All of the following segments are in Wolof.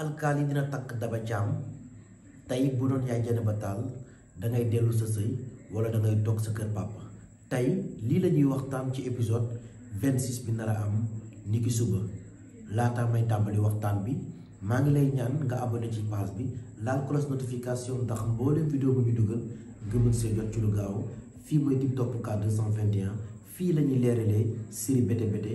alkaali dina takk daba caam tey bu doon yaay jane ba taal dangay dellu sa sëy wala dangay toog sa kër papa tey lii la ñuy waxtaan ci épisode 26 bi nar a am niki suba laataa may tàmbali waxtaan bi maa ngi lay ñaan nga abonné ci page bi laal cloche notification ndax mboole vidéo bu ñu dugal nga mën see jot ci lu gaaw fii mooy Tiptop Cas 221 fii la ñuy leeralee série bété bété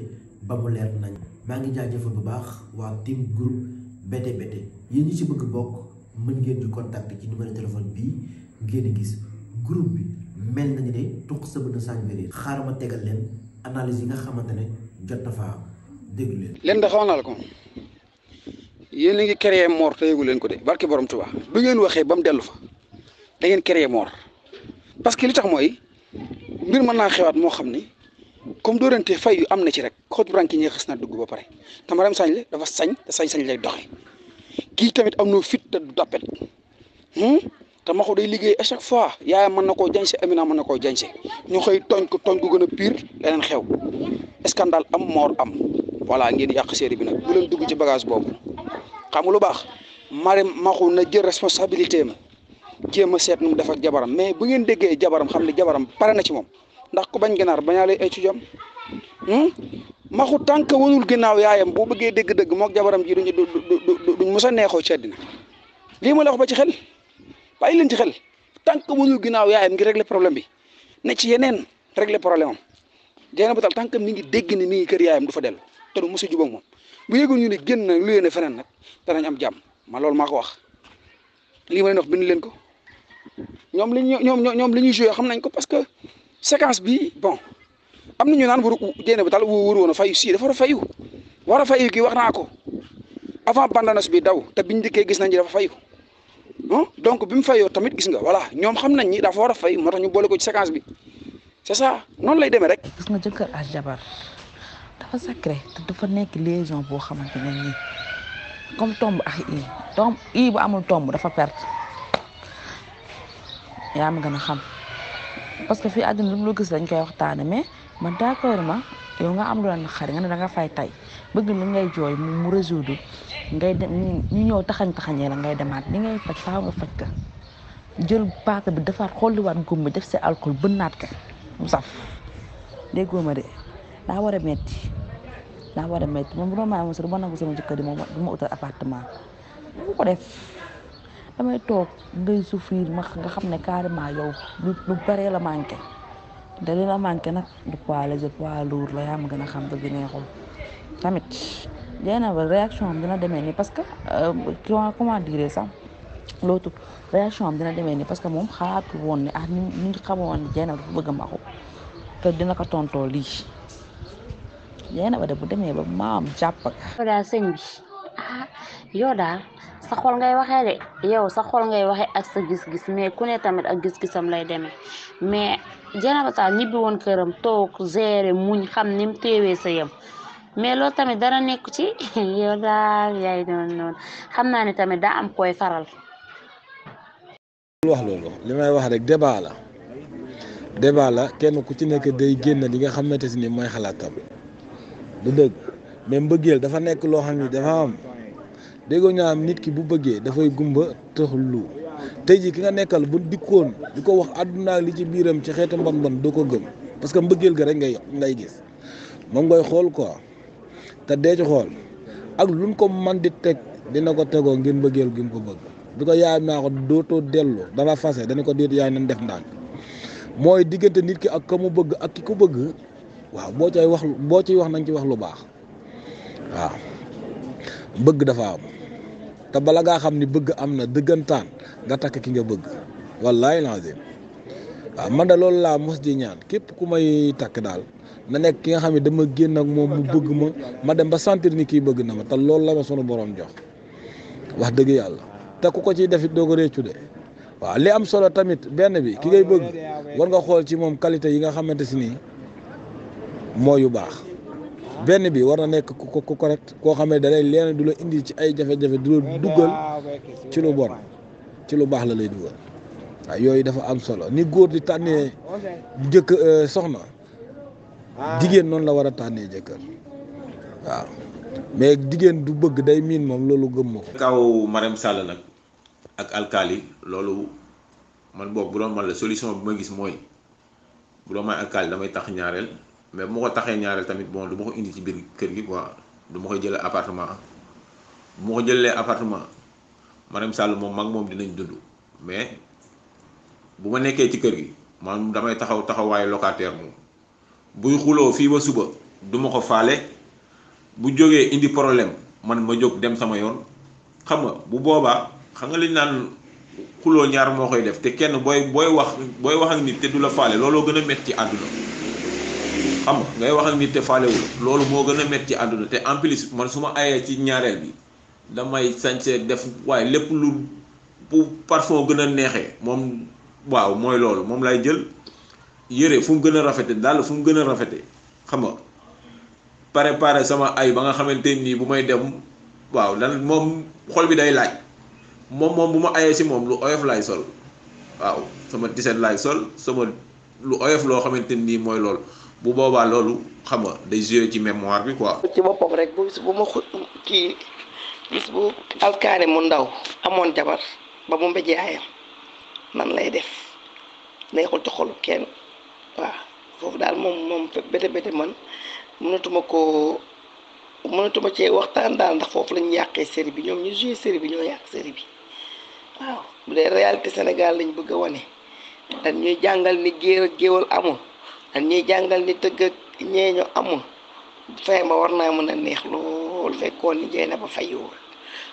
ba mu leer nañ maa ngi jaajëfal bu baax waa team groupe bété bété yéen ñi ci bëgg bokk mën ngeen di contacter ci numéro téléphone bii ngeen gis groupe bi mel na ni de tuq sa bën a sànni xaaral ma tegal leen analyse yi nga xamante ne jot na faa déglu leen. leen da xamal ko yéen a ngi créé mort te yëgu leen ko de barke borom Tuubaa bi ngeen waxee ba mu dellu fa da ngeen créé mort que li tax mooy mbir mën naa xewaat moo xam ne comme dóorante fay yu am na ci rek xot branki ñee xas na dugg ba pare te Marème sañ le dafa sañ te sañ-sañ lay doxe kii tamit am na fit te du dappet hmm? te Maxu day liggéey à chaque fois yaayam mën na koo jañse Amina mën na koo jañse ñu xëy tooñ ko ko gën a pire leneen xew scandale am moor am voilà ngeen yàq seer bi nag bu leen dugg ci bagage boobu xam nga lu baax Marème Maxu na jël responsabilité ma jéem a seet nu mu jabaram mais bu ngeen déggee jabaram xam ne jabaram pare na ci moom. ndax ku bañ ganaar bañaa lay ci jom hmm? maxu tànk wanul ginnaaw yaayam boo bëggee dëgg dëgg mook jabaram ji duñ duñ mos a neexoo ci àddina lii ma wax ba ci xel bàyyi leen ci xel tànk wanul ginnaaw yaayam ngir régler problème bi ne ci yeneen régler problème am jéena bu tal tànkam mi ngi dégg ni nii kër yaayam du fa dellu te du mos a moom bu yëgul ñu ne génn na lu yéene feneen nag nañ am jàmm ma loolu maa ko wax lii ma leen bind leen ko ñoom li ñoom ñoom li ñuy joué xam nañ ko parce que séquence bi bon am na ñu naan waru jéene bu tal wóoru woon a fayu si dafa war a fayu war a fayu gi wax naa ko avant bandanos bi daw te biñ dikkee gis nañ dafa fayu donc bi mu fayoo tamit gis nga voilà ñoom xam nañ ni dafa war a fay moo tax ñu boole ko ci séquence bi c'est ça noonu lay demee rek. gis nga jëkkër ak jabar dafa sacré te dafa nekk liaison boo xamante ne nii comme tomb ak i tomb i bu amul tomb dafa perte yaa ma gën a xam. parce que fii àdduna lu mu gis lañ koy waxtaane mais man d'accord ma yow nga am lu la naqari nga ne danga fay tay bëgg li ngay jooy mu résoudre ngay dem ñu ñëw taxañ taxañee la ngay demaat li ngay faj faaw nga faj ka jël paaka bi defaat xolliwaat góom bi def si alcool naat ka mu saf déggoo ma de daa war a metti daa war a metti moom bu doon maa moom sax du ma nangu sama jëkkër di ma du ma utal appartement bu ko def damay toog ngay souffrir ma nga xam ne carrément yow lu la manqué da li manqué nag du poids léger poids lourd la yaa ma gën a xam dëgg neexul tamit Dieynaba réaction am demee nii parce que euh, comment dire sax lootu réaction am dina demee nii parce que moom xaatu woon ne ah ni ñu xamoon ne Dieynaba dafa bëgg a maxu te dina ko tontoo lii Dieynaba de bu demee ba maam jàpp ka. daal sëñ yow daal sa xol ngay waxee de yow sa xool ngay waxee ak sa gis-gis mais ku ne tamit ak gis-gisam lay demee mais Dieynaba Tall ñibbi woon këram toog gérer muñ xam ni mu téewee sa yem mais loolu tamit dara nekk ci yow daal yaay xam naa ne tamit daa am koy faral. wax loolu li may wax rek débat la débat la kenn ku ci nekk day génn li nga xamante si ni mooy xalaatam du dëgg mais mbëggeel dafa nekk loo xam ni dafa am. déggoo ñu am nit ki bu bëggee dafay gumba lu tey jii ki nga nekkal bu dikkoon di ko wax àdduna li ci biiram ci xeetu mbon-mbon doo ko gëm parce que mbëggeel ga rek ngay ngay gis moom ngay xool quoi te dee ci xool ak luñ ko man di teg dina ko tegoo ngir mbëggeel gi mu ko bëgg du ko yaay naa ko dootoo dellu dana fase dana ko déet yaay nañ def ndànk mooy diggante nit ki ak ka mu bëgg ak ki ko bëgg waaw boo cay wax boo ciy wax nañ ci wax lu baax waaw bëgg dafa am te bala ngaa xam ni bëgg am na dëggantaan nga takk ki nga bëgg wallaahi lazim waaw man da loolu laa mos di ñaan képp ku may takk daal na nekk ki nga xam ne dama génn ak moom mu bëgg ma ma dem ba sentir ni kii bëgg na ma te loolu la ma sunu borom jox wax dëgg yàlla te ku ko ci defit doo ko réccu de waaw li am solo tamit benn bi ki ngay bëgg war nga xool ci moom qualité yi nga xamante si nii moo yu baax benn bi war na nekk ku ku correct koo xam ne da lay leer du la indi ci ay jafe-jafe du la eh, duggal ci lu bon ci lu baax la lay duggal waaw yooyu dafa am solo ni góor di tànnee ah, jëkk euh, soxna ah. jigéen noonu la war a tànnee jëkkër waaw mais jigéen du bëgg day miin moom loolu gëm ma kaw Marème Sall nag ak alkaali loolu man boog bu doon man la solution bi ma gis mooy bu doon man alkaali damay tax ñaareel. mais bu ma ko taxee ñaareel tamit bon du ma ko indi ci biir kër gi quoi duma ma koy jëlee apartement bu ma ko jëlee appartement Marème Sall moom mag moom dinañ dund mais bu ma nekkee ci kër gi man damay taxaw taxawaayu locataire moom buy xuloo fii ba suba du ma ko faale bu jógee indi problème man ma jóg dem sama yoon xam nga bu boobaa xam nga liñ naan xuloo ñaar moo koy def te kenn booy booy wax booy wax ak nit te du la faale looloo gën a métti ci àdduna. xam nga ngay wax ak nit te faalewu loolu moo gën a metti ci te en plus man su ma ayee ci ñaareel bi damay sañsee def waaye lépp lu bu parfum gën a neexee moom waaw mooy loolu moom laay jël yére fu mu gën a rafete daal fu mu gën a rafete xam nga préparé sama ay ba nga xamante nii bu may dem waaw lan moom xol bi day laaj moom moom bu ma ayee si moom lu oyof laay sol waaw sama tiset laay sol sama lu oyof loo xamante nii mooy lool bu boobaa loolu xam nga day ci mémoire bi quoi. ci boppam rek bu bu ma kii bis bu alkaane mu ndaw amoon jabar ba mu mbéjaayam nan lay def neexul ci xolu kenn waaw foofu daal moom moom bete bete man mënatuma ko mënatuma cee waxtaan daal ndax foofu lañuy yàqee série bi ñoom ñu joué série bi ñoo yàq série bi waaw bu dee réalité Sénégal lañ bëgg a wane dañ ñuy jàngal ni géer ak géwal amul ak ñuy jàngal ni tëgg ak amul fay ba war naa mën a neex lool fekkoon ni jeene ba fayiwul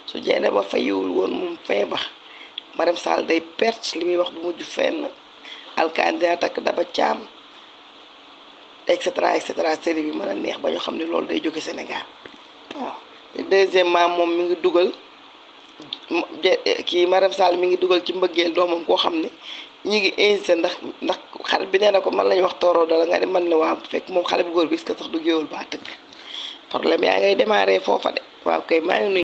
su jeene ba fayiwul woon moom fay ba Marème Sall day perte li muy wax bu mujj fenn alkaan dina takk daba caam et cetera et cetera série bi mën a neex ba ñu xam ne loolu day jóge Sénégal waaw deuxièmement moom mi ngi dugal Eh, kii Marème Sall mi ngi dugal ci mbëggeel doomam koo xam ne ñi ngi insisté ndax ndax xale bi nee na ko man lañ wax tooroo dala nga ne man ne waa fekk moom xale bu góor bi est-ce que sax du géewul ba tëgg problème yaa ngay démarré foofa de waaw kay maa ngi nuyu